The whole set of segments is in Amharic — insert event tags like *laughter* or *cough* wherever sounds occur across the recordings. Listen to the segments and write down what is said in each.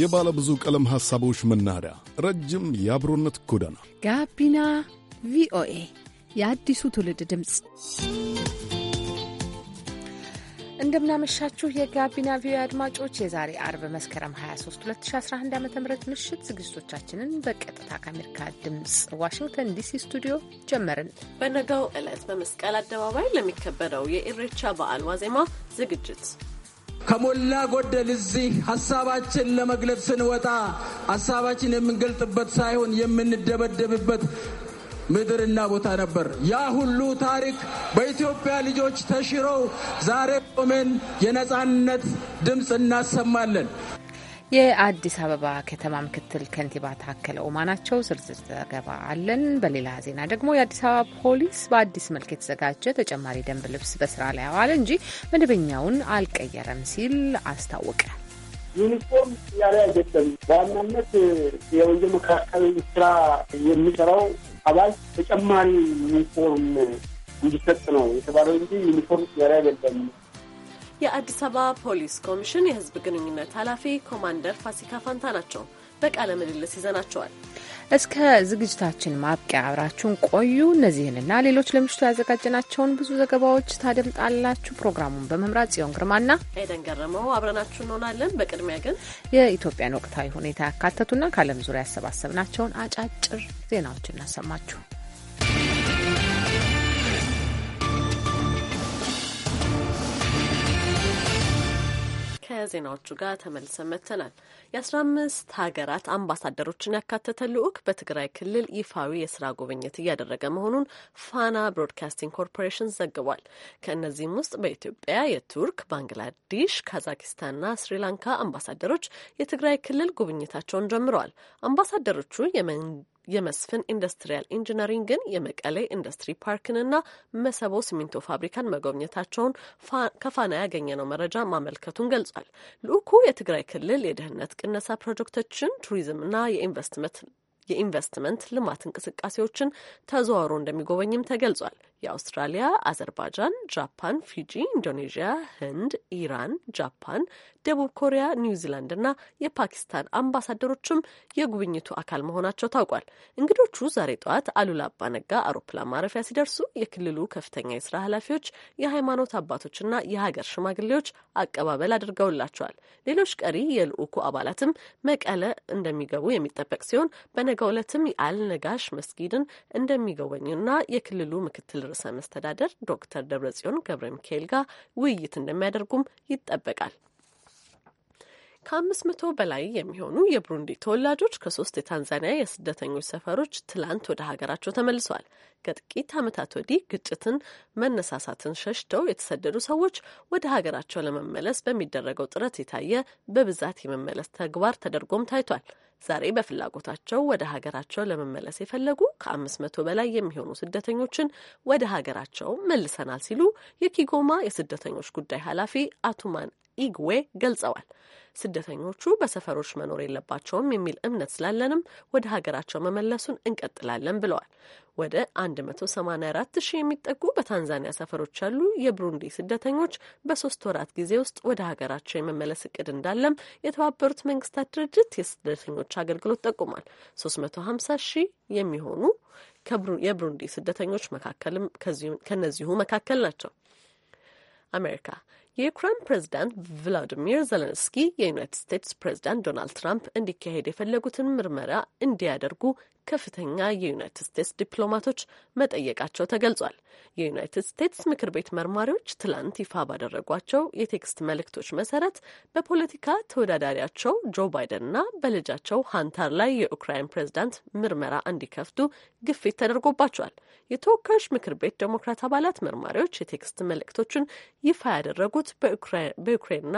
የባለ ብዙ ቀለም ሐሳቦች መናኸሪያ፣ ረጅም የአብሮነት ጎዳና፣ ጋቢና ቪኦኤ፣ የአዲሱ ትውልድ ድምፅ። እንደምናመሻችሁ የጋቢና ቪኦኤ አድማጮች፣ የዛሬ አርብ መስከረም 23 2011 ዓ.ም ምሽት ዝግጅቶቻችንን በቀጥታ ከአሜሪካ ድምፅ ዋሽንግተን ዲሲ ስቱዲዮ ጀመርን። በነጋው ዕለት በመስቀል አደባባይ ለሚከበረው የኢሬቻ በዓል ዋዜማ ዝግጅት ከሞላ ጎደል እዚህ ሀሳባችን ለመግለጽ ስንወጣ ሀሳባችን የምንገልጥበት ሳይሆን የምንደበደብበት ምድርና ቦታ ነበር። ያ ሁሉ ታሪክ በኢትዮጵያ ልጆች ተሽሮ ዛሬ ቆመን የነፃነት ድምፅ እናሰማለን። የአዲስ አበባ ከተማ ምክትል ከንቲባ ታከለ ኡማ ናቸው። ዝርዝር ዘገባ አለን። በሌላ ዜና ደግሞ የአዲስ አበባ ፖሊስ በአዲስ መልክ የተዘጋጀ ተጨማሪ ደንብ ልብስ በስራ ላይ አዋለ እንጂ መደበኛውን አልቀየረም ሲል አስታወቀ። ዩኒፎርም ያለ አይደለም። በዋናነት የወንጀል መከላከል ስራ የሚሰራው አባል ተጨማሪ ዩኒፎርም እንዲሰጥ ነው የተባለው እንጂ ዩኒፎርም ያለ አይደለም። የአዲስ አበባ ፖሊስ ኮሚሽን የህዝብ ግንኙነት ኃላፊ ኮማንደር ፋሲካ ፋንታ ናቸው። በቃለ ምልልስ ይዘናቸዋል። እስከ ዝግጅታችን ማብቂያ አብራችሁን ቆዩ። እነዚህንና ሌሎች ለምሽቱ ያዘጋጀናቸውን ብዙ ዘገባዎች ታደምጣላችሁ። ፕሮግራሙን በመምራት ጽዮን ግርማና ኤደን ገረመው አብረናችሁ እንሆናለን። በቅድሚያ ግን የኢትዮጵያን ወቅታዊ ሁኔታ ያካተቱና ከዓለም ዙሪያ ያሰባሰብናቸውን አጫጭር ዜናዎች እናሰማችሁ። ከዜናዎቹ ጋር ተመልሰን መጥተናል። የአስራ አምስት ሀገራት አምባሳደሮችን ያካተተ ልዑክ በትግራይ ክልል ይፋዊ የስራ ጉብኝት እያደረገ መሆኑን ፋና ብሮድካስቲንግ ኮርፖሬሽን ዘግቧል። ከእነዚህም ውስጥ በኢትዮጵያ የቱርክ፣ ባንግላዴሽ፣ ካዛኪስታንና ስሪላንካ አምባሳደሮች የትግራይ ክልል ጉብኝታቸውን ጀምረዋል። አምባሳደሮቹ የመንግ የመስፍን ኢንዱስትሪያል ኢንጂነሪንግን የመቀሌ ኢንዱስትሪ ፓርክንና መሰቦ ሲሚንቶ ፋብሪካን መጎብኘታቸውን ከፋና ያገኘነው መረጃ ማመልከቱን ገልጿል። ልኡኩ የትግራይ ክልል የደህንነት ቅነሳ ፕሮጀክቶችን፣ ቱሪዝምና የኢንቨስትመንት የኢንቨስትመንት ልማት እንቅስቃሴዎችን ተዘዋውሮ እንደሚጎበኝም ተገልጿል። የአውስትራሊያ፣ አዘርባይጃን፣ ጃፓን፣ ፊጂ፣ ኢንዶኔዥያ፣ ህንድ፣ ኢራን፣ ጃፓን፣ ደቡብ ኮሪያ፣ ኒውዚላንድ እና የፓኪስታን አምባሳደሮችም የጉብኝቱ አካል መሆናቸው ታውቋል። እንግዶቹ ዛሬ ጠዋት አሉላ አባነጋ አውሮፕላን ማረፊያ ሲደርሱ የክልሉ ከፍተኛ የስራ ኃላፊዎች፣ የሃይማኖት አባቶችና የሀገር ሽማግሌዎች አቀባበል አድርገውላቸዋል። ሌሎች ቀሪ የልዑኩ አባላትም መቀለ እንደሚገቡ የሚጠበቅ ሲሆን በነገው ዕለትም የአል ነጋሽ መስጊድን እንደሚጎበኙና የክልሉ ምክትል ርዕሰ መስተዳደር ዶክተር ደብረጽዮን ገብረ ሚካኤል ጋር ውይይት እንደሚያደርጉም ይጠበቃል። ከአምስት መቶ በላይ የሚሆኑ የብሩንዲ ተወላጆች ከሶስት የታንዛኒያ የስደተኞች ሰፈሮች ትላንት ወደ ሀገራቸው ተመልሰዋል። ከጥቂት ዓመታት ወዲህ ግጭትን፣ መነሳሳትን ሸሽተው የተሰደዱ ሰዎች ወደ ሀገራቸው ለመመለስ በሚደረገው ጥረት የታየ በብዛት የመመለስ ተግባር ተደርጎም ታይቷል። ዛሬ በፍላጎታቸው ወደ ሀገራቸው ለመመለስ የፈለጉ ከአምስት መቶ በላይ የሚሆኑ ስደተኞችን ወደ ሀገራቸው መልሰናል ሲሉ የኪጎማ የስደተኞች ጉዳይ ኃላፊ አቱማን ኢግዌ ገልጸዋል። ስደተኞቹ በሰፈሮች መኖር የለባቸውም የሚል እምነት ስላለንም ወደ ሀገራቸው መመለሱን እንቀጥላለን ብለዋል። ወደ 184 ሺህ የሚጠጉ በታንዛኒያ ሰፈሮች ያሉ የብሩንዲ ስደተኞች በሶስት ወራት ጊዜ ውስጥ ወደ ሀገራቸው የመመለስ እቅድ እንዳለም የተባበሩት መንግስታት ድርጅት የስደተኞች አገልግሎት ጠቁሟል። 350 ሺህ የሚሆኑ የብሩንዲ ስደተኞች መካከልም ከነዚሁ መካከል ናቸው። አሜሪካ የዩክራን ፕሬዝዳንት ቭላዲሚር ዘለንስኪ የዩናይትድ ስቴትስ ፕሬዝዳንት ዶናልድ ትራምፕ እንዲካሄድ የፈለጉትን ምርመራ እንዲያደርጉ ከፍተኛ የዩናይትድ ስቴትስ ዲፕሎማቶች መጠየቃቸው ተገልጿል። የዩናይትድ ስቴትስ ምክር ቤት መርማሪዎች ትላንት ይፋ ባደረጓቸው የቴክስት መልእክቶች መሰረት በፖለቲካ ተወዳዳሪያቸው ጆ ባይደንና በልጃቸው ሀንተር ላይ የዩክራይን ፕሬዝዳንት ምርመራ እንዲከፍቱ ግፊት ተደርጎባቸዋል። የተወካዮች ምክር ቤት ዴሞክራት አባላት መርማሪዎች የቴክስት መልእክቶችን ይፋ ያደረጉት በዩክሬንና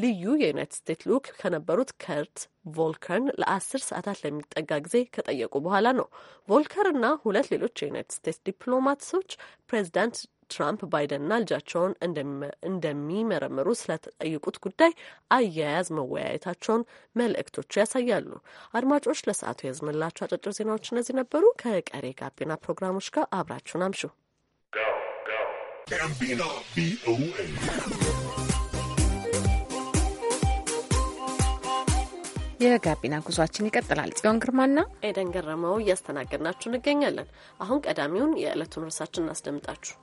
ልዩ የዩናይትድ ስቴትስ ልዑክ ከነበሩት ከርት ቮልከርን ለአስር ሰዓታት ለሚጠጋ ጊዜ ከጠየቁ በኋላ ነው። ቮልከርና ሁለት ሌሎች የዩናይትድ ስቴትስ ዲፕሎማቶች ፕሬዚዳንት ትራምፕ ባይደንና ልጃቸውን እንደሚመረምሩ ስለተጠየቁት ጉዳይ አያያዝ መወያየታቸውን መልእክቶቹ ያሳያሉ። አድማጮች፣ ለሰዓቱ የያዝንላችሁ አጫጭር ዜናዎች እነዚህ ነበሩ። ከቀሪ ጋቢና ፕሮግራሞች ጋር አብራችሁን አምሹ። የጋቢና ጉዟችን ይቀጥላል። ጽዮን ግርማና ኤደን ገረመው እያስተናገድናችሁ እንገኛለን። አሁን ቀዳሚውን የዕለቱን ርዕሳችን እናስደምጣችሁ።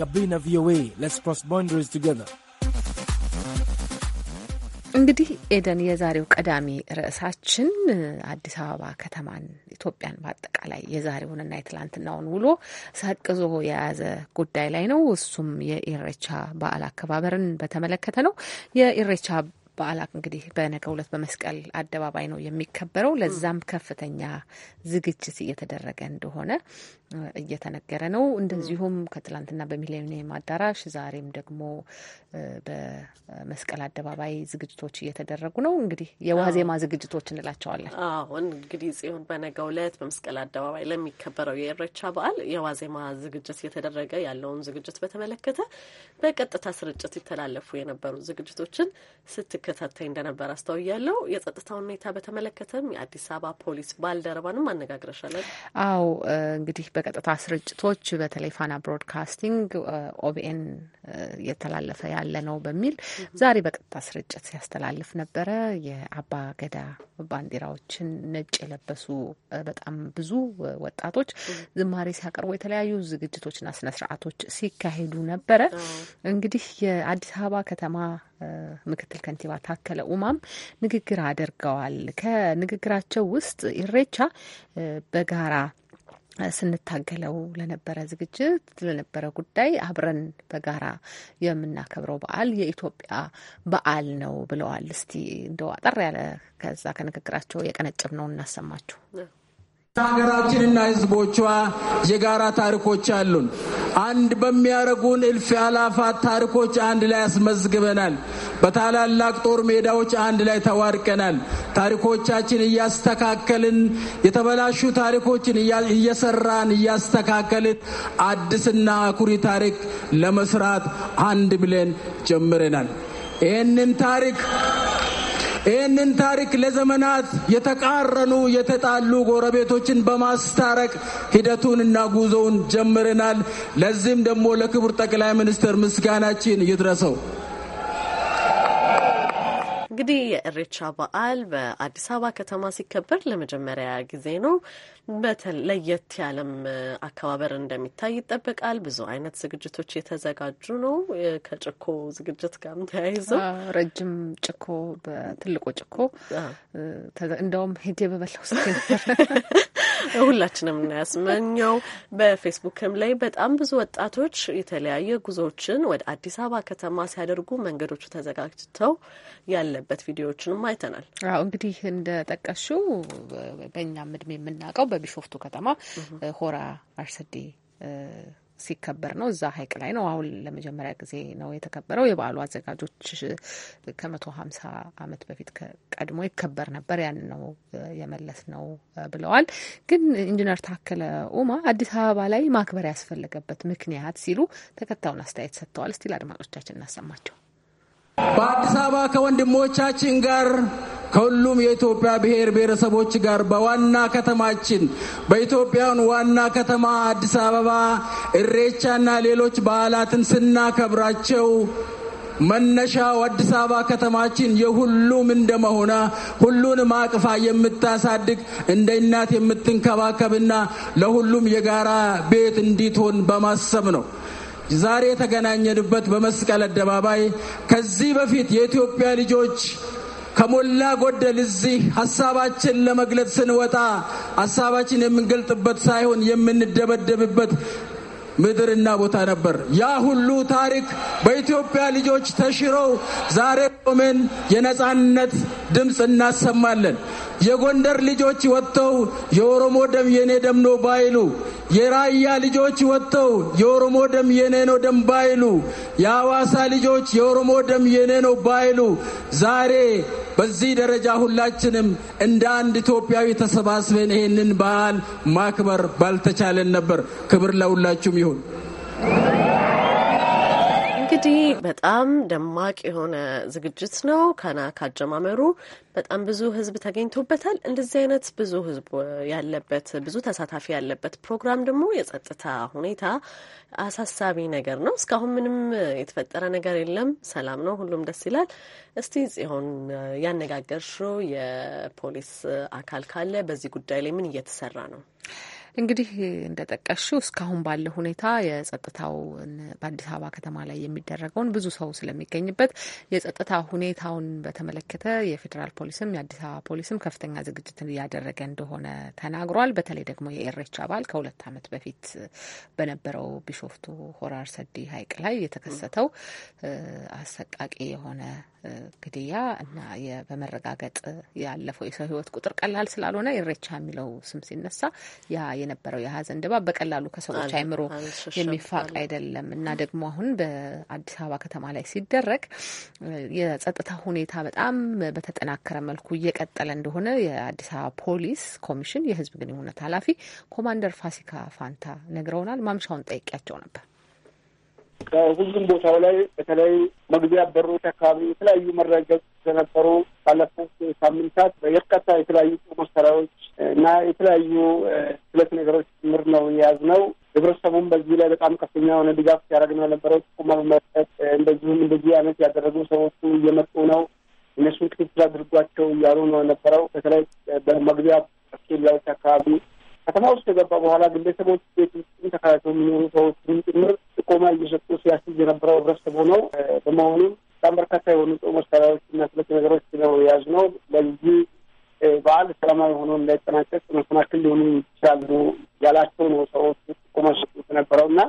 ጋቢና ቪኦኤ ሌትስ ክሮስ ቦንደሪስ ቱጌዘር። እንግዲህ ኤደን፣ የዛሬው ቀዳሚ ርዕሳችን አዲስ አበባ ከተማን ኢትዮጵያን በአጠቃላይ የዛሬውንና የትላንትናውን ውሎ ሰቅዞ የያዘ ጉዳይ ላይ ነው። እሱም የኢሬቻ በዓል አከባበርን በተመለከተ ነው። የኢሬቻ በዓል እንግዲህ በነገ ሁለት በመስቀል አደባባይ ነው የሚከበረው። ለዛም ከፍተኛ ዝግጅት እየተደረገ እንደሆነ እየተነገረ ነው። እንደዚሁም ከትላንትና በሚሌኒየም አዳራሽ ዛሬም ደግሞ በመስቀል አደባባይ ዝግጅቶች እየተደረጉ ነው። እንግዲህ የዋዜማ ዝግጅቶች እንላቸዋለን። አሁን እንግዲህ ጽዮን በነገ ሁለት በመስቀል አደባባይ ለሚከበረው የእረቻ በዓል የዋዜማ ዝግጅት እየተደረገ ያለውን ዝግጅት በተመለከተ በቀጥታ ስርጭት ይተላለፉ የነበሩ ዝግጅቶችን ስት ስትከታተይ እንደነበር አስታውያለሁ። የጸጥታ ሁኔታ በተመለከተም የአዲስ አበባ ፖሊስ ባልደረባንም አነጋግረሻለን። አው እንግዲህ በቀጥታ ስርጭቶች በተለይ ፋና ብሮድካስቲንግ ኦቢኤን እየተላለፈ ያለ ነው በሚል ዛሬ በቀጥታ ስርጭት ሲያስተላልፍ ነበረ። የአባ ገዳ ባንዲራዎችን ነጭ የለበሱ በጣም ብዙ ወጣቶች ዝማሬ ሲያቀርቡ የተለያዩ ዝግጅቶችና ስነስርዓቶች ሲካሄዱ ነበረ። እንግዲህ የአዲስ አበባ ከተማ ምክትል ከንቲባ ታከለ ኡማም ንግግር አድርገዋል። ከንግግራቸው ውስጥ ኢሬቻ በጋራ ስንታገለው ለነበረ ዝግጅት ለነበረ ጉዳይ አብረን በጋራ የምናከብረው በዓል የኢትዮጵያ በዓል ነው ብለዋል። እስቲ እንደው አጠር ያለ ከዛ ከንግግራቸው የቀነጭብ ነው እናሰማችሁ። ሀገራችንና ህዝቦቿ የጋራ ታሪኮች አሉን። አንድ በሚያደርጉን እልፍ አላፋት ታሪኮች አንድ ላይ አስመዝግበናል። በታላላቅ ጦር ሜዳዎች አንድ ላይ ተዋድቀናል። ታሪኮቻችን እያስተካከልን የተበላሹ ታሪኮችን እየሰራን እያስተካከልን አዲስና አኩሪ ታሪክ ለመስራት አንድ ብለን ጀምረናል። ይህንን ታሪክ ይህንን ታሪክ ለዘመናት የተቃረኑ የተጣሉ ጎረቤቶችን በማስታረቅ ሂደቱንና ጉዞውን ጀምረናል። ለዚህም ደግሞ ለክቡር ጠቅላይ ሚኒስትር ምስጋናችን ይድረሰው። እንግዲህ የእሬቻ በዓል በአዲስ አበባ ከተማ ሲከበር ለመጀመሪያ ጊዜ ነው። በተለየት ያለም አከባበር እንደሚታይ ይጠበቃል። ብዙ አይነት ዝግጅቶች የተዘጋጁ ነው። ከጭኮ ዝግጅት ጋር ተያይዘው ረጅም ጭኮ በትልቁ ጭኮ እንደውም ሄጄ በበላው ስት ነበር *laughs* ሁላችንም እናያስመኘው። በፌስቡክም ላይ በጣም ብዙ ወጣቶች የተለያየ ጉዞዎችን ወደ አዲስ አበባ ከተማ ሲያደርጉ መንገዶቹ ተዘጋጅተው ያለበት ቪዲዮዎችንም አይተናል። እንግዲህ እንደጠቀሽው በእኛም እድሜ የምናውቀው በቢሾፍቱ ከተማ ሆራ አርሰዴ ሲከበር ነው። እዛ ሀይቅ ላይ ነው። አሁን ለመጀመሪያ ጊዜ ነው የተከበረው። የበዓሉ አዘጋጆች ከመቶ ሀምሳ አመት በፊት ቀድሞ ይከበር ነበር። ያን ነው የመለስ ነው ብለዋል። ግን ኢንጂነር ታከለ ኡማ አዲስ አበባ ላይ ማክበር ያስፈለገበት ምክንያት ሲሉ ተከታዩን አስተያየት ሰጥተዋል። እስቲ ለአድማጮቻችን እናሰማቸው። በአዲስ አበባ ከወንድሞቻችን ጋር ከሁሉም የኢትዮጵያ ብሔር ብሔረሰቦች ጋር በዋና ከተማችን በኢትዮጵያን ዋና ከተማ አዲስ አበባ እሬቻና ሌሎች በዓላትን ስናከብራቸው መነሻው አዲስ አበባ ከተማችን የሁሉም እንደመሆኗ ሁሉንም አቅፋ የምታሳድግ እንደ እናት የምትንከባከብና ለሁሉም የጋራ ቤት እንዲትሆን በማሰብ ነው። ዛሬ የተገናኘንበት በመስቀል አደባባይ ከዚህ በፊት የኢትዮጵያ ልጆች ከሞላ ጎደል እዚህ ሀሳባችን ለመግለጽ ስንወጣ ሀሳባችን የምንገልጥበት ሳይሆን የምንደበደብበት ምድርና ቦታ ነበር። ያ ሁሉ ታሪክ በኢትዮጵያ ልጆች ተሽረው ዛሬ ቆመን የነጻነት ድምፅ እናሰማለን። የጎንደር ልጆች ወጥተው የኦሮሞ ደም የኔ ደም ነው ባይሉ፣ የራያ ልጆች ወጥተው የኦሮሞ ደም የኔ ነው ደም ባይሉ፣ የአዋሳ ልጆች የኦሮሞ ደም የኔ ነው ባይሉ ዛሬ በዚህ ደረጃ ሁላችንም እንደ አንድ ኢትዮጵያዊ ተሰባስበን ይሄንን በዓል ማክበር ባልተቻለን ነበር። ክብር ለሁላችሁም ይሁን። እንግዲህ በጣም ደማቅ የሆነ ዝግጅት ነው። ከና ካጀማመሩ በጣም ብዙ ህዝብ ተገኝቶበታል። እንደዚህ አይነት ብዙ ህዝብ ያለበት ብዙ ተሳታፊ ያለበት ፕሮግራም ደግሞ የጸጥታ ሁኔታ አሳሳቢ ነገር ነው። እስካሁን ምንም የተፈጠረ ነገር የለም። ሰላም ነው። ሁሉም ደስ ይላል። እስቲ ጽዮን ያነጋገርሽው የፖሊስ አካል ካለ በዚህ ጉዳይ ላይ ምን እየተሰራ ነው? እንግዲህ እንደጠቀሽው እስካሁን ባለው ሁኔታ የጸጥታውን በአዲስ አበባ ከተማ ላይ የሚደረገውን ብዙ ሰው ስለሚገኝበት የጸጥታ ሁኔታውን በተመለከተ የፌዴራል ፖሊስም የአዲስ አበባ ፖሊስም ከፍተኛ ዝግጅት እያደረገ እንደሆነ ተናግሯል። በተለይ ደግሞ የኤሬች አባል ከሁለት ዓመት በፊት በነበረው ቢሾፍቱ ሆራር ሰዲ ሐይቅ ላይ የተከሰተው አሰቃቂ የሆነ ግድያ እና በመረጋገጥ ያለፈው የሰው ህይወት ቁጥር ቀላል ስላልሆነ ኢሬቻ የሚለው ስም ሲነሳ ያ የነበረው የሀዘን ድባብ በቀላሉ ከሰዎች አይምሮ የሚፋቅ አይደለም እና ደግሞ አሁን በአዲስ አበባ ከተማ ላይ ሲደረግ የጸጥታ ሁኔታ በጣም በተጠናከረ መልኩ እየቀጠለ እንደሆነ የአዲስ አበባ ፖሊስ ኮሚሽን የህዝብ ግንኙነት ኃላፊ ኮማንደር ፋሲካ ፋንታ ነግረውናል። ማምሻውን ጠይቂያቸው ነበር። ከሁሉም ቦታው ላይ በተለይ መግቢያ በሮች አካባቢ የተለያዩ መረጃዎች ስለነበሩ ባለፉት ሳምንታት በየርካታ የተለያዩ ጦር መሳሪያዎች እና የተለያዩ ሁለት ነገሮች ምር ነው የያዝ ነው። ህብረተሰቡም በዚህ ላይ በጣም ከፍተኛ የሆነ ድጋፍ ሲያደርግ ነው የነበረው። ጥቆማ በመስጠት እንደዚሁም እንደዚህ አይነት ያደረጉ ሰዎቹ እየመጡ ነው እነሱን ክትትል አድርጓቸው እያሉ ነው የነበረው። በተለይ በመግቢያ ኬላዎች አካባቢ ከተማ ውስጥ ከገባ በኋላ ግለሰቦች ቤት ውስጥም ተከራይተው የሚኖሩ ሰዎችም ጭምር ጥቆማ እየሰጡ ሲያስይዝ የነበረው ህብረተሰቡ ነው። በመሆኑም በጣም በርካታ የሆኑ ጥሩ መሳሪያዎች እና ስለት ነገሮች ነው የያዝ ነው። ለዚህ በዓል ሰላማዊ ሆኖ እንዳይጠናቀቅ መሰናክል ሊሆኑ ይችላሉ ያላቸው ነው ሰዎች ጥቆማ ሰጡት ነበረው እና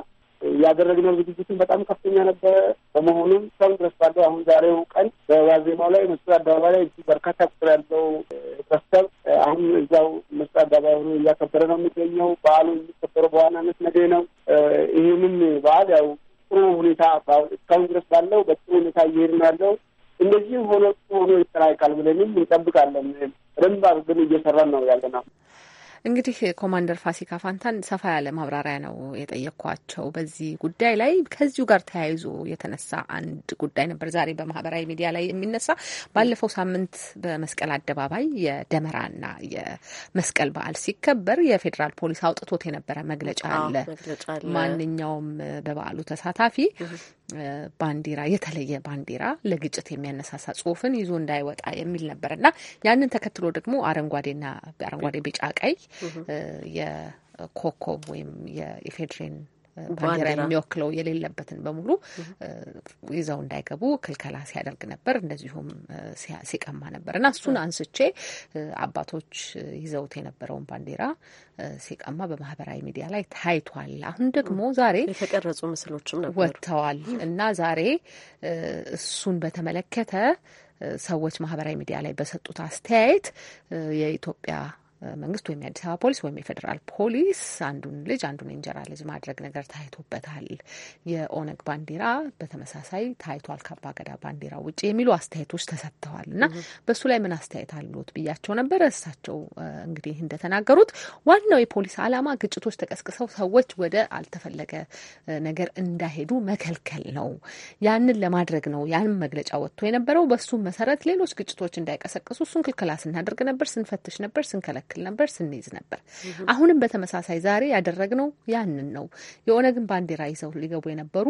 ያደረግነው ዝግጅትም በጣም ከፍተኛ ነበረ። በመሆኑም እስካሁን ድረስ ባለው አሁን ዛሬው ቀን በዋዜማው ላይ መስቀል አደባባይ ላይ በርካታ ቁጥር ያለው ህብረተሰብ አሁን እዛው መስቀል አደባባይ ሆኖ እያከበረ ነው የሚገኘው። በዓሉ የሚከበረው በዋናነት ነገ ነው። ይህንን በዓል ያው ጥሩ ሁኔታ እስካሁን ድረስ ባለው በጥሩ ሁኔታ እየሄድን ያለው እንደዚህም ሆኖ ጥሩ ሆኖ ይጠናቀቃል ብለንም እንጠብቃለን። በደንብ አድርገን እየሰራን ነው ያለነው። እንግዲህ ኮማንደር ፋሲካ ፋንታን ሰፋ ያለ ማብራሪያ ነው የጠየኳቸው በዚህ ጉዳይ ላይ። ከዚሁ ጋር ተያይዞ የተነሳ አንድ ጉዳይ ነበር ዛሬ በማህበራዊ ሚዲያ ላይ የሚነሳ። ባለፈው ሳምንት በመስቀል አደባባይ የደመራና የመስቀል በዓል ሲከበር የፌዴራል ፖሊስ አውጥቶት የነበረ መግለጫ አለ። ማንኛውም በበዓሉ ተሳታፊ ባንዲራ የተለየ ባንዲራ ለግጭት የሚያነሳሳ ጽሁፍን ይዞ እንዳይወጣ የሚል ነበር እና ያንን ተከትሎ ደግሞ አረንጓዴና አረንጓዴ፣ ቢጫ፣ ቀይ የኮከብ ወይም የኢፌድሬን ባንዲራ የሚወክለው የሌለበትን በሙሉ ይዘው እንዳይገቡ ክልከላ ሲያደርግ ነበር። እንደዚሁም ሲቀማ ነበር እና እሱን አንስቼ አባቶች ይዘውት የነበረውን ባንዲራ ሲቀማ በማህበራዊ ሚዲያ ላይ ታይቷል። አሁን ደግሞ ዛሬ የተቀረጹ ምስሎችም ነበሩ ወጥተዋል እና ዛሬ እሱን በተመለከተ ሰዎች ማህበራዊ ሚዲያ ላይ በሰጡት አስተያየት የኢትዮጵያ መንግስት ወይም የአዲስ አበባ ፖሊስ ወይም የፌዴራል ፖሊስ አንዱን ልጅ አንዱን እንጀራ ልጅ ማድረግ ነገር ታይቶበታል። የኦነግ ባንዲራ በተመሳሳይ ታይቷል ከአባ ገዳ ባንዲራ ውጭ የሚሉ አስተያየቶች ተሰጥተዋል እና በሱ ላይ ምን አስተያየት አሉት ብያቸው ነበረ። እሳቸው እንግዲህ እንደተናገሩት ዋናው የፖሊስ ዓላማ ግጭቶች ተቀስቅሰው ሰዎች ወደ አልተፈለገ ነገር እንዳይሄዱ መከልከል ነው። ያንን ለማድረግ ነው ያንም መግለጫ ወጥቶ የነበረው። በሱም መሰረት ሌሎች ግጭቶች እንዳይቀሰቅሱ እሱን ክልከላ ስናደርግ ነበር፣ ስንፈትሽ ነበር፣ ስንከለ ያክል ነበር ስንይዝ ነበር። አሁንም በተመሳሳይ ዛሬ ያደረግነው ያንን ነው። የኦነግን ባንዲራ ይዘው ሊገቡ የነበሩ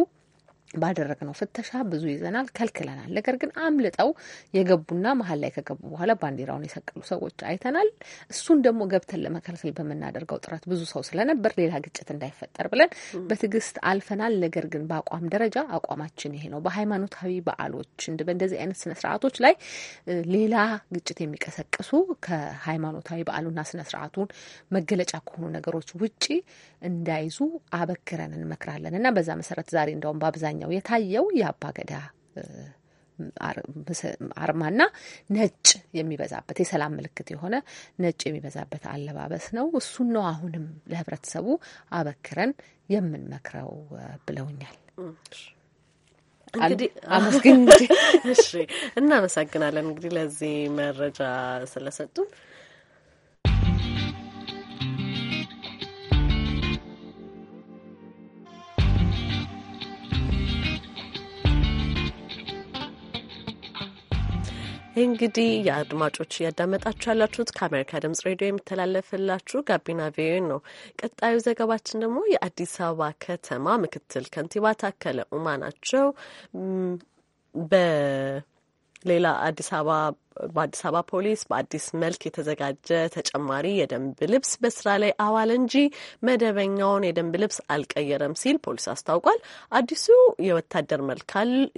ባደረግነው ፍተሻ ብዙ ይዘናል፣ ከልክለናል። ነገር ግን አምልጠው የገቡና መሀል ላይ ከገቡ በኋላ ባንዲራውን የሰቀሉ ሰዎች አይተናል። እሱን ደግሞ ገብተን ለመከልከል በምናደርገው ጥረት ብዙ ሰው ስለነበር ሌላ ግጭት እንዳይፈጠር ብለን በትዕግስት አልፈናል። ነገር ግን በአቋም ደረጃ አቋማችን ይሄ ነው። በሃይማኖታዊ በዓሎች በእንደዚህ አይነት ስነስርዓቶች ላይ ሌላ ግጭት የሚቀሰቅሱ ከሃይማኖታዊ በዓሉና ስነስርዓቱን መገለጫ ከሆኑ ነገሮች ውጪ እንዳይዙ አበክረን እንመክራለን እና በዛ መሰረት ዛሬ እንደውም በአብዛኛው በአብዛኛው የታየው የአባገዳ አርማና ነጭ የሚበዛበት የሰላም ምልክት የሆነ ነጭ የሚበዛበት አለባበስ ነው። እሱን ነው አሁንም ለህብረተሰቡ አበክረን የምንመክረው ብለውኛል። እንግዲህ አመስግን። *laughs* እሺ፣ እናመሰግናለን እንግዲህ ለዚህ መረጃ ስለሰጡን። እንግዲህ የአድማጮች እያዳመጣችሁ ያላችሁት ከአሜሪካ ድምጽ ሬዲዮ የሚተላለፍላችሁ ጋቢና ቪኦኤ ነው። ቀጣዩ ዘገባችን ደግሞ የአዲስ አበባ ከተማ ምክትል ከንቲባ ታከለ ኡማ ናቸው። ሌላ አዲስ አበባ በአዲስ አበባ ፖሊስ በአዲስ መልክ የተዘጋጀ ተጨማሪ የደንብ ልብስ በስራ ላይ አዋል እንጂ መደበኛውን የደንብ ልብስ አልቀየረም ሲል ፖሊስ አስታውቋል። አዲሱ የወታደር መልክ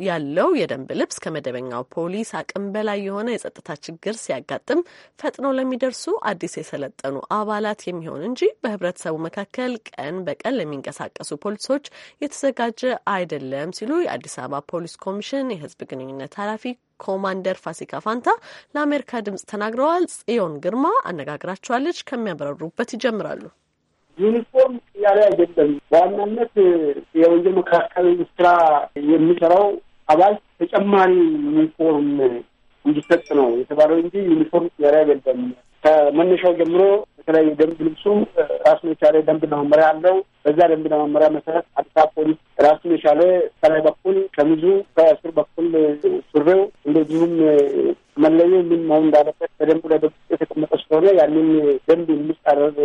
ያለው የደንብ ልብስ ከመደበኛው ፖሊስ አቅም በላይ የሆነ የጸጥታ ችግር ሲያጋጥም ፈጥኖ ለሚደርሱ አዲስ የሰለጠኑ አባላት የሚሆን እንጂ በህብረተሰቡ መካከል ቀን በቀን ለሚንቀሳቀሱ ፖሊሶች የተዘጋጀ አይደለም ሲሉ የአዲስ አበባ ፖሊስ ኮሚሽን የህዝብ ግንኙነት ኃላፊ ኮማንደር ፋሲካ ፋንታ ለአሜሪካ ድምጽ ተናግረዋል። ጽዮን ግርማ አነጋግራቸዋለች። ከሚያብራሩበት ይጀምራሉ። ዩኒፎርም ጥያሬ አይደለም። በዋናነት የወንጀል መከላከል ስራ የሚሰራው አባል ተጨማሪ ዩኒፎርም እንዲሰጥ ነው የተባለው እንጂ ዩኒፎርም ጥያሬ አይደለም። ከመነሻው ጀምሮ በተለይ የደንብ ልብሱ ራሱን የቻለ ደንብ መመሪያ አለው። በዛ ደንብ መመሪያ መሰረት አዲስ አበባ ፖሊስ ራሱን የቻለ ከላይ በኩል ከሚዙ ከስር በኩል ሱሬው እንደዚሁም መለዩ ምን መሆን እንዳለበት በደንቡ ላይ በግልጽ የተቀመጠ ስለሆነ ያንን ደንብ የሚጻረር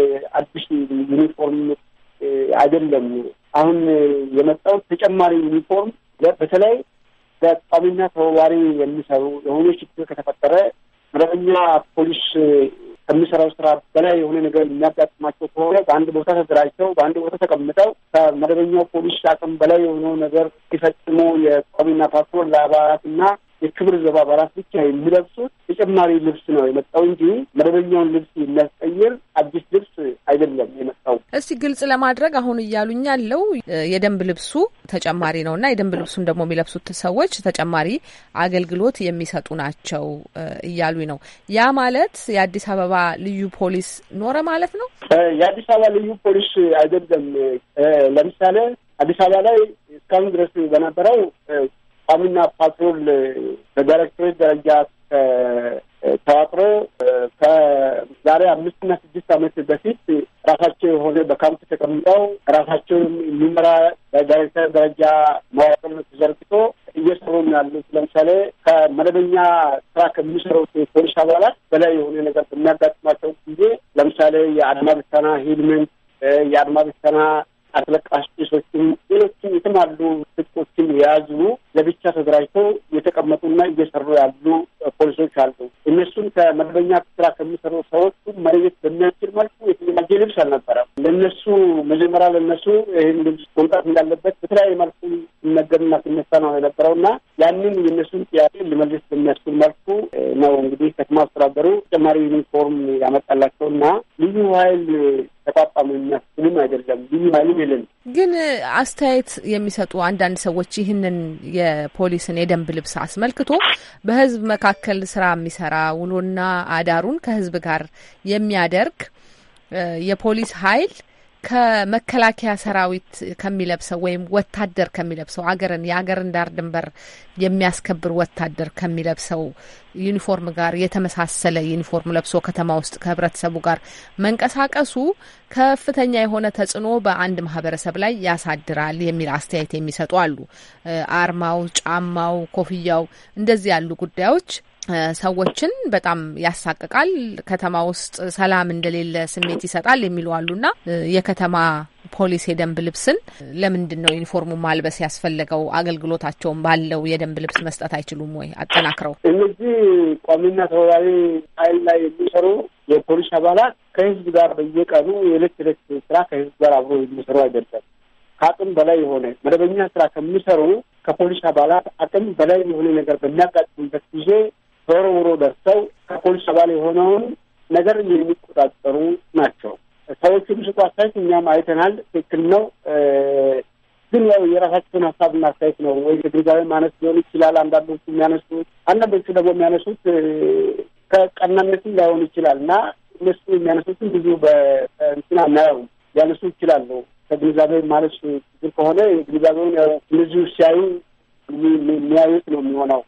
አዲስ ዩኒፎርም አይደለም። አሁን የመጣው ተጨማሪ ዩኒፎርም በተለይ በቋሚና ተወዋሪ የሚሰሩ የሆነ ችግር ከተፈጠረ መደበኛ ፖሊስ ከሚሰራው ስራ በላይ የሆነ ነገር የሚያጋጥማቸው ከሆነ በአንድ ቦታ ተደራጅተው በአንድ ቦታ ተቀምጠው ከመደበኛው ፖሊስ አቅም በላይ የሆነው ነገር ሲፈጽሙ የቋሚና ፓትሮል ለአባላት እና የክብር ዘብ አባላት ብቻ የሚለብሱት ተጨማሪ ልብስ ነው የመጣው እንጂ መደበኛውን ልብስ የሚያስቀይር አዲስ ልብስ አይደለም የመጣው። እስቲ ግልጽ ለማድረግ አሁን እያሉኝ ያለው የደንብ ልብሱ ተጨማሪ ነው እና የደንብ ልብሱን ደግሞ የሚለብሱት ሰዎች ተጨማሪ አገልግሎት የሚሰጡ ናቸው እያሉኝ ነው። ያ ማለት የአዲስ አበባ ልዩ ፖሊስ ኖረ ማለት ነው። የአዲስ አበባ ልዩ ፖሊስ አይደለም። ለምሳሌ አዲስ አበባ ላይ እስካሁን ድረስ በነበረው ቋሚና ፓትሮል በዳይሬክቶሬት ደረጃ ተዋቅሮ ከዛሬ አምስትና ስድስት ዓመት በፊት ራሳቸው የሆነ በካምፕ ተቀምጠው ራሳቸውን የሚመራ በዳይሬክተር ደረጃ መዋቅር ተዘርግቶ እየሰሩ ያሉት ለምሳሌ ከመደበኛ ስራ ከሚሰሩት ፖሊስ አባላት በላይ የሆነ ነገር በሚያጋጥማቸው ጊዜ ለምሳሌ የአድማ ብተና ሂልመንት የአድማ ብተና አስለቃሽ ጭሶችን፣ ሌሎችን የተሟሉ ትጥቆችን የያዙ ለብቻ ተደራጅተው የተቀመጡና እየሰሩ ያሉ ፖሊሶች አሉ። እነሱን ከመደበኛ ስራ ከሚሰሩ ሰዎች መለየት በሚያስችል መልኩ የተዘጋጀ ልብስ አልነበረም። ለነሱ መጀመሪያ ለነሱ ይህን ልብስ መምጣት እንዳለበት በተለያየ መልኩ ሲነገርና ሲነሳ ነው የነበረው እና ያንን የእነሱን ጥያቄ ለመለስ በሚያስችል መልኩ ነው እንግዲህ ከተማ አስተዳደሩ ተጨማሪ ዩኒፎርም ያመጣላቸው እና ልዩ ኃይል ተቋቋሙ የሚያስ ምንም አይደለም። ብዙ ሀይልም የለን። ግን አስተያየት የሚሰጡ አንዳንድ ሰዎች ይህንን የፖሊስን የደንብ ልብስ አስመልክቶ በህዝብ መካከል ስራ የሚሰራ ውሎና አዳሩን ከህዝብ ጋር የሚያደርግ የፖሊስ ኃይል ከመከላከያ ሰራዊት ከሚለብሰው ወይም ወታደር ከሚለብሰው አገርን የአገርን ዳር ድንበር የሚያስከብር ወታደር ከሚለብሰው ዩኒፎርም ጋር የተመሳሰለ ዩኒፎርም ለብሶ ከተማ ውስጥ ከህብረተሰቡ ጋር መንቀሳቀሱ ከፍተኛ የሆነ ተጽዕኖ በአንድ ማህበረሰብ ላይ ያሳድራል የሚል አስተያየት የሚሰጡ አሉ። አርማው፣ ጫማው፣ ኮፍያው እንደዚህ ያሉ ጉዳዮች ሰዎችን በጣም ያሳቅቃል። ከተማ ውስጥ ሰላም እንደሌለ ስሜት ይሰጣል የሚሉ አሉና የከተማ ፖሊስ የደንብ ልብስን ለምንድን ነው ዩኒፎርሙ ማልበስ ያስፈለገው? አገልግሎታቸውን ባለው የደንብ ልብስ መስጠት አይችሉም ወይ? አጠናክረው እነዚህ ቋሚና ተወዳሪ ኃይል ላይ የሚሰሩ የፖሊስ አባላት ከህዝብ ጋር በየቀኑ የዕለት ዕለት ስራ ከህዝብ ጋር አብሮ የሚሰሩ አይደለም። ከአቅም በላይ የሆነ መደበኛ ስራ ከሚሰሩ ከፖሊስ አባላት አቅም በላይ የሆነ ነገር በሚያጋጥምበት ጊዜ ዞሮ ውሮ ደርሰው ከፖሊስ አባል የሆነውን ነገር የሚቆጣጠሩ ናቸው። ሰዎቹ ብስጡ አስተያየት እኛም አይተናል። ትክክል ነው። ግን ያው የራሳቸውን ሀሳብና አስተያየት ነው። ወይ ግንዛቤ ማነስ ሊሆን ይችላል። አንዳንዶቹ የሚያነሱት አንዳንዶቹ ደግሞ የሚያነሱት ከቀናነትም ላይሆን ይችላል እና እነሱ የሚያነሱትን ብዙ በእንትና ናየው ሊያነሱ ይችላሉ። ከግንዛቤ ማነስ ችግር ከሆነ ግንዛቤውን ያው እንደዚሁ ሲያዩ የሚያዩት ነው የሚሆነው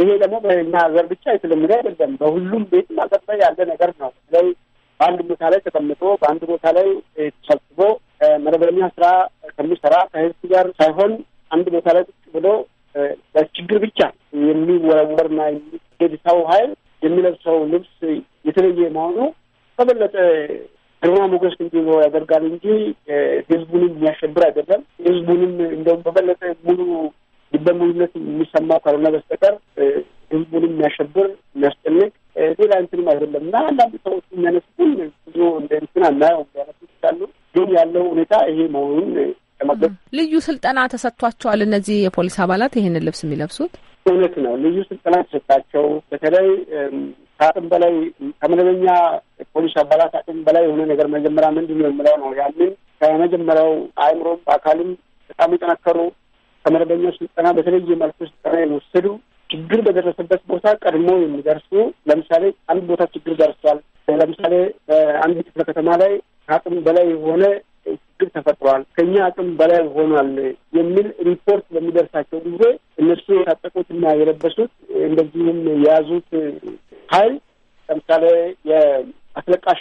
ይሄ ደግሞ በእኛ ሀገር ብቻ የተለመደ አይደለም። በሁሉም ቤት ማቀጠ ያለ ነገር ነው። ስለዚህ በአንድ ቦታ ላይ ተቀምጦ በአንድ ቦታ ላይ ተሰብስቦ መደበኛ ስራ ከሚሰራ ከህዝብ ጋር ሳይሆን አንድ ቦታ ላይ ቁጭ ብሎ በችግር ብቻ የሚወረወርና የሚገድ ሰው ሀይል የሚለብሰው ልብስ የተለየ መሆኑ በበለጠ ግርማ ሞገስ እንዲኖር ያደርጋል እንጂ ህዝቡንም የሚያሸብር አይደለም። ህዝቡንም እንደውም በበለጠ ሙሉ በሙሉነት የሚሰማ ካልሆነ በስተቀር ህዝቡንም የሚያሸብር የሚያስጨንቅ ሌላ እንትንም አይደለም እና አንዳንድ ሰዎች የሚያነሱትን ብዙ እንደ እንትን አናየው ያነሱ ይችላሉ። ግን ያለው ሁኔታ ይሄ መሆኑን ልዩ ስልጠና ተሰጥቷቸዋል። እነዚህ የፖሊስ አባላት ይህንን ልብስ የሚለብሱት እውነት ነው። ልዩ ስልጠና ተሰጣቸው። በተለይ ከአቅም በላይ ከመደበኛ ፖሊስ አባላት አቅም በላይ የሆነ ነገር መጀመሪያ ምንድን ነው የምለው ነው። ያንን ከመጀመሪያው አእምሮም በአካልም በጣም የጠነከሩ ከመደበኛ ስልጠና በተለየ መልኩ ስልጠና የወሰዱ ችግር በደረሰበት ቦታ ቀድሞ የሚደርሱ ለምሳሌ አንድ ቦታ ችግር ደርሷል። ለምሳሌ በአንድ ክፍለ ከተማ ላይ ከአቅም በላይ የሆነ ችግር ተፈጥሯል፣ ከኛ አቅም በላይ ሆኗል የሚል ሪፖርት በሚደርሳቸው ጊዜ እነሱ የታጠቁትና የለበሱት እንደዚህም የያዙት ኃይል ለምሳሌ የአስለቃሽ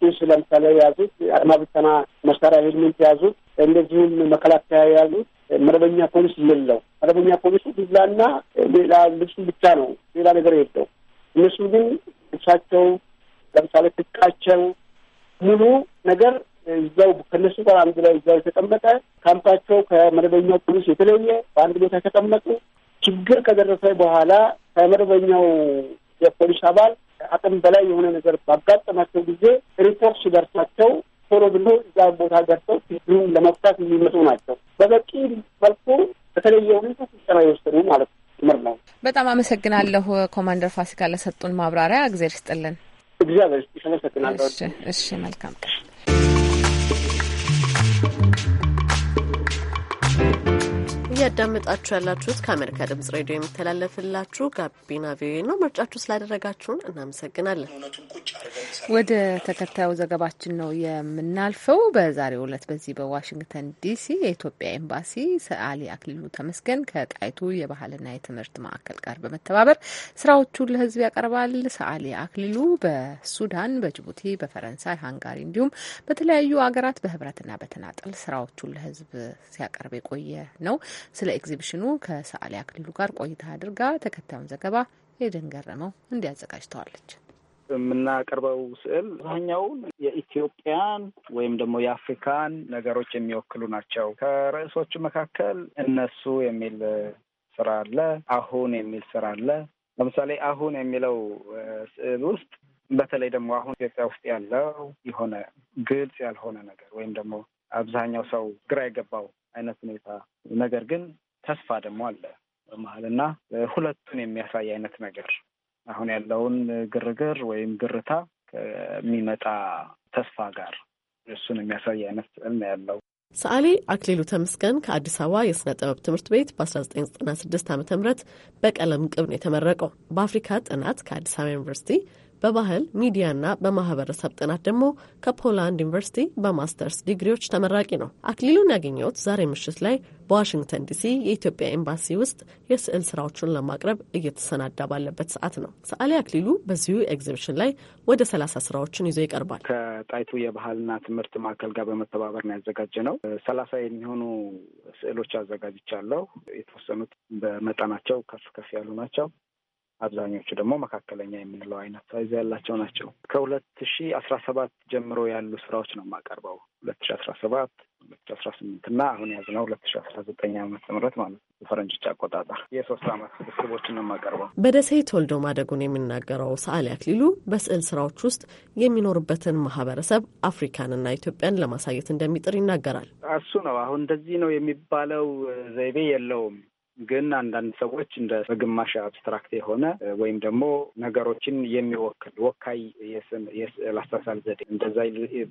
ጭስ ለምሳሌ የያዙት አድማ ብተና መሳሪያ ሄድሜንት የያዙት እንደዚሁም መከላከያ ያሉት መደበኛ ፖሊስ የለው። መደበኛ ፖሊሱ ዱላና ሌላ ልብሱ ብቻ ነው፣ ሌላ ነገር የለው። እነሱ ግን ልብሳቸው፣ ለምሳሌ ትጥቃቸው፣ ሙሉ ነገር እዛው ከነሱ ጋር አንድ ላይ እዛው የተቀመጠ ካምፓቸው ከመደበኛው ፖሊስ የተለየ በአንድ ቦታ የተቀመጡ ችግር ከደረሰ በኋላ ከመደበኛው የፖሊስ አባል አቅም በላይ የሆነ ነገር ባጋጠማቸው ጊዜ ሪፖርት ሲደርሳቸው ቶሎ ብሎ እዛ ቦታ ገብተው ችግሩን ለመፍታት የሚመጡ ናቸው። በበቂ መልኩ በተለየ ሁኔታ ስልጠና የወሰዱ ማለት ጭምር ነው። በጣም አመሰግናለሁ ኮማንደር ፋሲካ ለሰጡን ማብራሪያ። እግዜር ይስጥልን። እግዚአብሔር ይስጥሽ። አመሰግናለሁ። እሺ መልካም ቀን። እያዳመጣችሁ ያላችሁት ከአሜሪካ ድምጽ ሬዲዮ የሚተላለፍላችሁ ጋቢና ቪኦኤ ነው። ምርጫችሁ ስላደረጋችሁን እናመሰግናለን። ወደ ተከታዩ ዘገባችን ነው የምናልፈው። በዛሬው ዕለት በዚህ በዋሽንግተን ዲሲ የኢትዮጵያ ኤምባሲ ሰዓሊ አክሊሉ ተመስገን ከጣይቱ የባህልና የትምህርት ማዕከል ጋር በመተባበር ስራዎቹን ለህዝብ ያቀርባል። ሰዓሊ አክሊሉ በሱዳን፣ በጅቡቲ፣ በፈረንሳይ፣ ሃንጋሪ እንዲሁም በተለያዩ ሀገራት በህብረትና በተናጠል ስራዎቹን ለህዝብ ሲያቀርብ የቆየ ነው። ስለ ኤግዚቢሽኑ ከሰዓሊ አክሊሉ ጋር ቆይታ አድርጋ ተከታዩን ዘገባ የደንገረመው እንዲያዘጋጅተዋለች። የምናቀርበው ስዕል አብዛኛውን የኢትዮጵያን ወይም ደግሞ የአፍሪካን ነገሮች የሚወክሉ ናቸው። ከርዕሶቹ መካከል እነሱ የሚል ስራ አለ፣ አሁን የሚል ስራ አለ። ለምሳሌ አሁን የሚለው ስዕል ውስጥ በተለይ ደግሞ አሁን ኢትዮጵያ ውስጥ ያለው የሆነ ግልጽ ያልሆነ ነገር ወይም ደግሞ አብዛኛው ሰው ግራ የገባው አይነት ሁኔታ ነገር ግን ተስፋ ደግሞ አለ በመሀል እና ሁለቱን የሚያሳይ አይነት ነገር አሁን ያለውን ግርግር ወይም ግርታ ከሚመጣ ተስፋ ጋር እሱን የሚያሳይ አይነት እልም ያለው ሰዓሊ አክሊሉ ተመስገን ከአዲስ አበባ የስነ ጥበብ ትምህርት ቤት በ1996 ዓ ም በቀለም ቅብ ነው የተመረቀው። በአፍሪካ ጥናት ከአዲስ አበባ ዩኒቨርሲቲ በባህል ሚዲያና በማህበረሰብ ጥናት ደግሞ ከፖላንድ ዩኒቨርሲቲ በማስተርስ ዲግሪዎች ተመራቂ ነው። አክሊሉን ያገኘሁት ዛሬ ምሽት ላይ በዋሽንግተን ዲሲ የኢትዮጵያ ኤምባሲ ውስጥ የስዕል ስራዎቹን ለማቅረብ እየተሰናዳ ባለበት ሰዓት ነው። ሰዓሊ አክሊሉ በዚሁ ኤግዚቢሽን ላይ ወደ ሰላሳ ስራዎችን ይዞ ይቀርባል። ከጣይቱ የባህልና ትምህርት ማዕከል ጋር በመተባበር ነው ያዘጋጀ ነው። ሰላሳ የሚሆኑ ስዕሎች አዘጋጅቻለሁ። የተወሰኑት በመጠናቸው ከፍ ከፍ ያሉ ናቸው። አብዛኞቹ ደግሞ መካከለኛ የምንለው አይነት ሳይዝ ያላቸው ናቸው። ከሁለት ሺ አስራ ሰባት ጀምሮ ያሉ ስራዎች ነው የማቀርበው። ሁለት ሺ አስራ ሰባት ሁለት ሺ አስራ ስምንት እና አሁን ያዝነው ሁለት ሺ አስራ ዘጠኝ ዓመተ ምረት ማለት ነው ፈረንጆች አቆጣጠር የሶስት ዓመት ስብስቦችን ነው የማቀርበው። በደሴ ተወልዶ ማደጉን የሚናገረው ሰዓሊ አክሊሉ በስዕል ስራዎች ውስጥ የሚኖርበትን ማህበረሰብ አፍሪካንና ኢትዮጵያን ለማሳየት እንደሚጥር ይናገራል። እሱ ነው አሁን እንደዚህ ነው የሚባለው ዘይቤ የለውም። ግን አንዳንድ ሰዎች እንደ በግማሽ አብስትራክት የሆነ ወይም ደግሞ ነገሮችን የሚወክል ወካይ የስዕል አሳሳል ዘዴ እንደዛ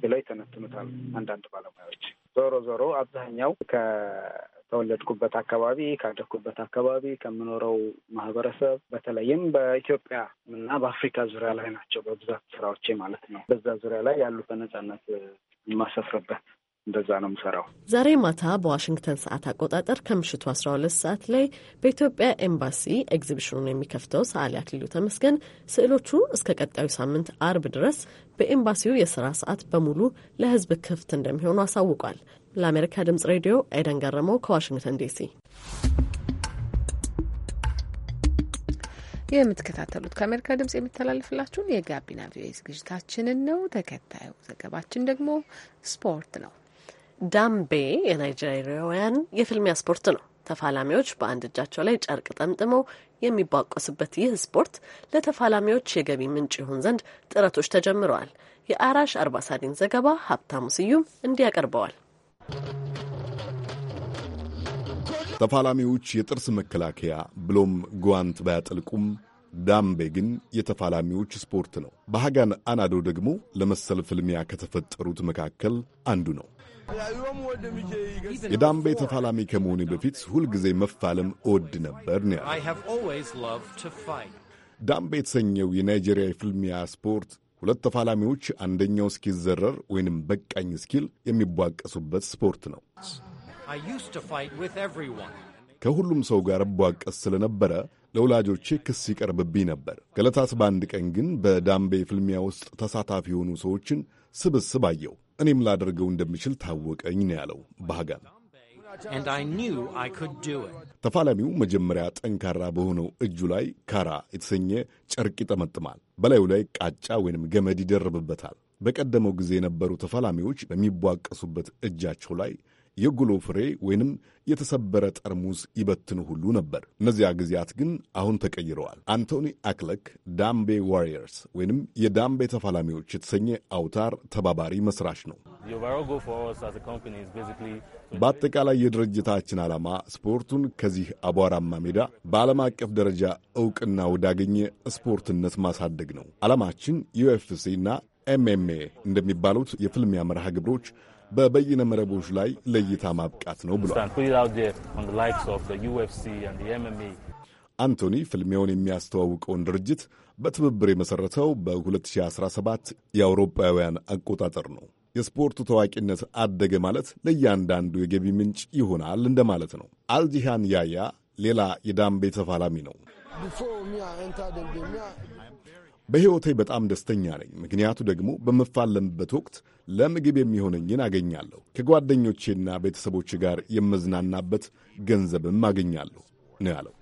ብለው ይተነትኑታል አንዳንድ ባለሙያዎች። ዞሮ ዞሮ አብዛኛው ከተወለድኩበት አካባቢ፣ ካደግኩበት አካባቢ፣ ከምኖረው ማህበረሰብ በተለይም በኢትዮጵያ እና በአፍሪካ ዙሪያ ላይ ናቸው በብዛት ስራዎቼ ማለት ነው። በዛ ዙሪያ ላይ ያሉ በነጻነት የማሰፍርበት እንደዛ ነው የምሰራው። ዛሬ ማታ በዋሽንግተን ሰዓት አቆጣጠር ከምሽቱ 12 ሰዓት ላይ በኢትዮጵያ ኤምባሲ ኤግዚቢሽኑን የሚከፍተው ሰዓሊ አክሊሉ ተመስገን ስዕሎቹ እስከ ቀጣዩ ሳምንት አርብ ድረስ በኤምባሲው የስራ ሰዓት በሙሉ ለህዝብ ክፍት እንደሚሆኑ አሳውቋል። ለአሜሪካ ድምጽ ሬዲዮ ኤደን ገረመው ከዋሽንግተን ዲሲ። የምትከታተሉት ከአሜሪካ ድምጽ የሚተላለፍላችሁን የጋቢና ቪኦኤ ዝግጅታችንን ነው። ተከታዩ ዘገባችን ደግሞ ስፖርት ነው። ዳምቤ የናይጄሪያውያን የፍልሚያ ስፖርት ነው። ተፋላሚዎች በአንድ እጃቸው ላይ ጨርቅ ጠምጥመው የሚቧቀሱበት ይህ ስፖርት ለተፋላሚዎች የገቢ ምንጭ ይሆን ዘንድ ጥረቶች ተጀምረዋል። የአራሽ አርባሳዲን ዘገባ ሀብታሙ ስዩም እንዲህ ያቀርበዋል። ተፋላሚዎች የጥርስ መከላከያ ብሎም ጓንት ባያጠልቁም ዳምቤ ግን የተፋላሚዎች ስፖርት ነው። በሀጋን አናዶ ደግሞ ለመሰል ፍልሚያ ከተፈጠሩት መካከል አንዱ ነው። የዳምቤ ተፋላሚ ከመሆኔ በፊት ሁልጊዜ መፋለም እወድ ነበር ነው ዳምቤ የተሰኘው የናይጄሪያ የፍልሚያ ስፖርት ሁለት ተፋላሚዎች አንደኛው እስኪዘረር ወይንም በቃኝ እስኪል የሚቧቀሱበት ስፖርት ነው። ከሁሉም ሰው ጋር እቧቀስ ስለነበረ ለወላጆቼ ክስ ይቀርብብኝ ነበር። ከዕለታት በአንድ ቀን ግን በዳምቤ ፍልሚያ ውስጥ ተሳታፊ የሆኑ ሰዎችን ስብስብ አየሁ። እኔም ላደርገው እንደምችል ታወቀኝ ነው ያለው ባህጋን። ተፋላሚው መጀመሪያ ጠንካራ በሆነው እጁ ላይ ካራ የተሰኘ ጨርቅ ይጠመጥማል። በላዩ ላይ ቃጫ ወይንም ገመድ ይደርብበታል። በቀደመው ጊዜ የነበሩ ተፋላሚዎች በሚቧቀሱበት እጃቸው ላይ የጉሎ ፍሬ ወይንም የተሰበረ ጠርሙስ ይበትኑ ሁሉ ነበር። እነዚያ ጊዜያት ግን አሁን ተቀይረዋል። አንቶኒ አክለክ ዳምቤ ዋሪየርስ ወይንም የዳምቤ ተፋላሚዎች የተሰኘ አውታር ተባባሪ መስራች ነው። በአጠቃላይ የድርጅታችን ዓላማ ስፖርቱን ከዚህ አቧራማ ሜዳ በዓለም አቀፍ ደረጃ እውቅና ወዳገኘ ስፖርትነት ማሳደግ ነው። ዓላማችን ዩኤፍሲ እና ኤምኤምኤ እንደሚባሉት የፍልሚያ መርሃ ግብሮች በበይነ መረቦች ላይ ለእይታ ማብቃት ነው ብሏል። አንቶኒ ፍልሚያውን የሚያስተዋውቀውን ድርጅት በትብብር የመሠረተው በ2017 የአውሮፓውያን አቆጣጠር ነው። የስፖርቱ ታዋቂነት አደገ ማለት ለእያንዳንዱ የገቢ ምንጭ ይሆናል እንደማለት ነው። አልጂሃን ያያ ሌላ የዳምቤ ተፋላሚ ነው። በሕይወቴ በጣም ደስተኛ ነኝ። ምክንያቱ ደግሞ በምፋለምበት ወቅት ለምግብ የሚሆነኝን አገኛለሁ። ከጓደኞቼና ቤተሰቦች ጋር የመዝናናበት ገንዘብም አገኛለሁ ነው ያለው።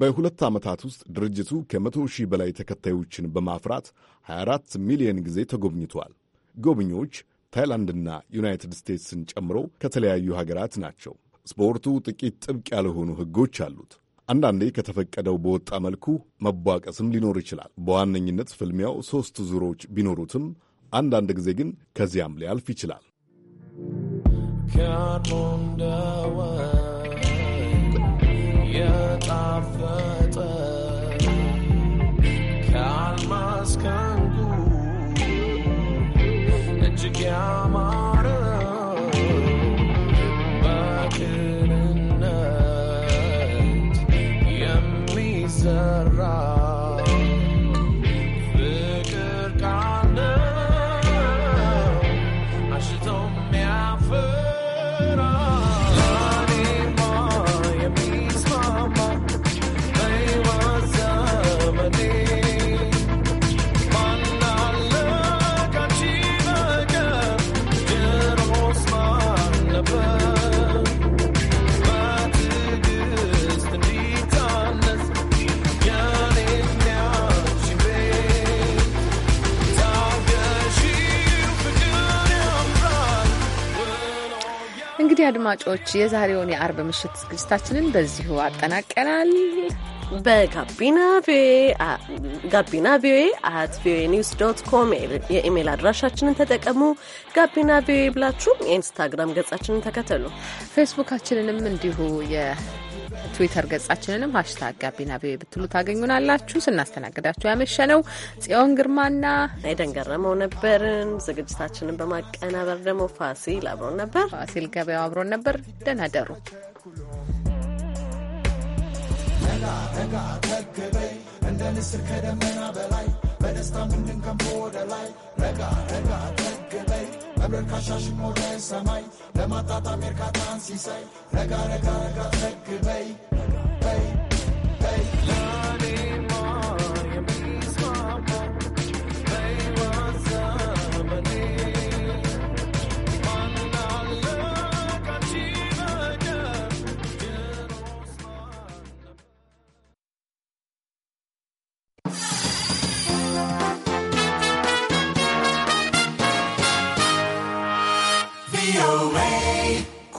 በሁለት ዓመታት ውስጥ ድርጅቱ ከመቶ ሺህ በላይ ተከታዮችን በማፍራት 24 ሚሊዮን ጊዜ ተጎብኝቷል። ጎብኚዎች ታይላንድና ዩናይትድ ስቴትስን ጨምሮ ከተለያዩ ሀገራት ናቸው። ስፖርቱ ጥቂት ጥብቅ ያልሆኑ ሕጎች አሉት። አንዳንዴ ከተፈቀደው በወጣ መልኩ መቧቀስም ሊኖር ይችላል። በዋነኝነት ፍልሚያው ሦስት ዙሮች ቢኖሩትም አንዳንድ ጊዜ ግን ከዚያም ሊያልፍ ይችላል። የጣፈጠ ከአልማዝ እጅግ ያማ አድማጮች የዛሬውን የአርብ ምሽት ዝግጅታችንን በዚሁ አጠናቀናል። በጋቢና ጋቢና ቪኦኤ አት ቪኦኤ ኒውስ ዶት ኮም የኢሜይል አድራሻችንን ተጠቀሙ። ጋቢና ቪኦኤ ብላችሁም የኢንስታግራም ገጻችንን ተከተሉ። ፌስቡካችንንም እንዲሁ ትዊተር ገጻችንንም ሀሽታግ ጋቢና ቪ ብትሉ ታገኙናላችሁ። ስናስተናግዳችሁ ያመሸ ነው ጽዮን ግርማና ኤደን ገረመው ነበርን። ዝግጅታችንን በማቀናበር ደግሞ ፋሲል አብሮን ነበር። ፋሲል ገበያው አብሮን ነበር። ደህና ደሩ። እንደ ንስር ከደመና በላይ በደስታ ምንድን ከምቦ ወደ ላይ ረጋ ረጋ ተግበይ Ebre kasha shmole samay Le matata mirkatan sisay Le gare gare gare gare gare gare gare gare gare gare gare gare gare gare gare gare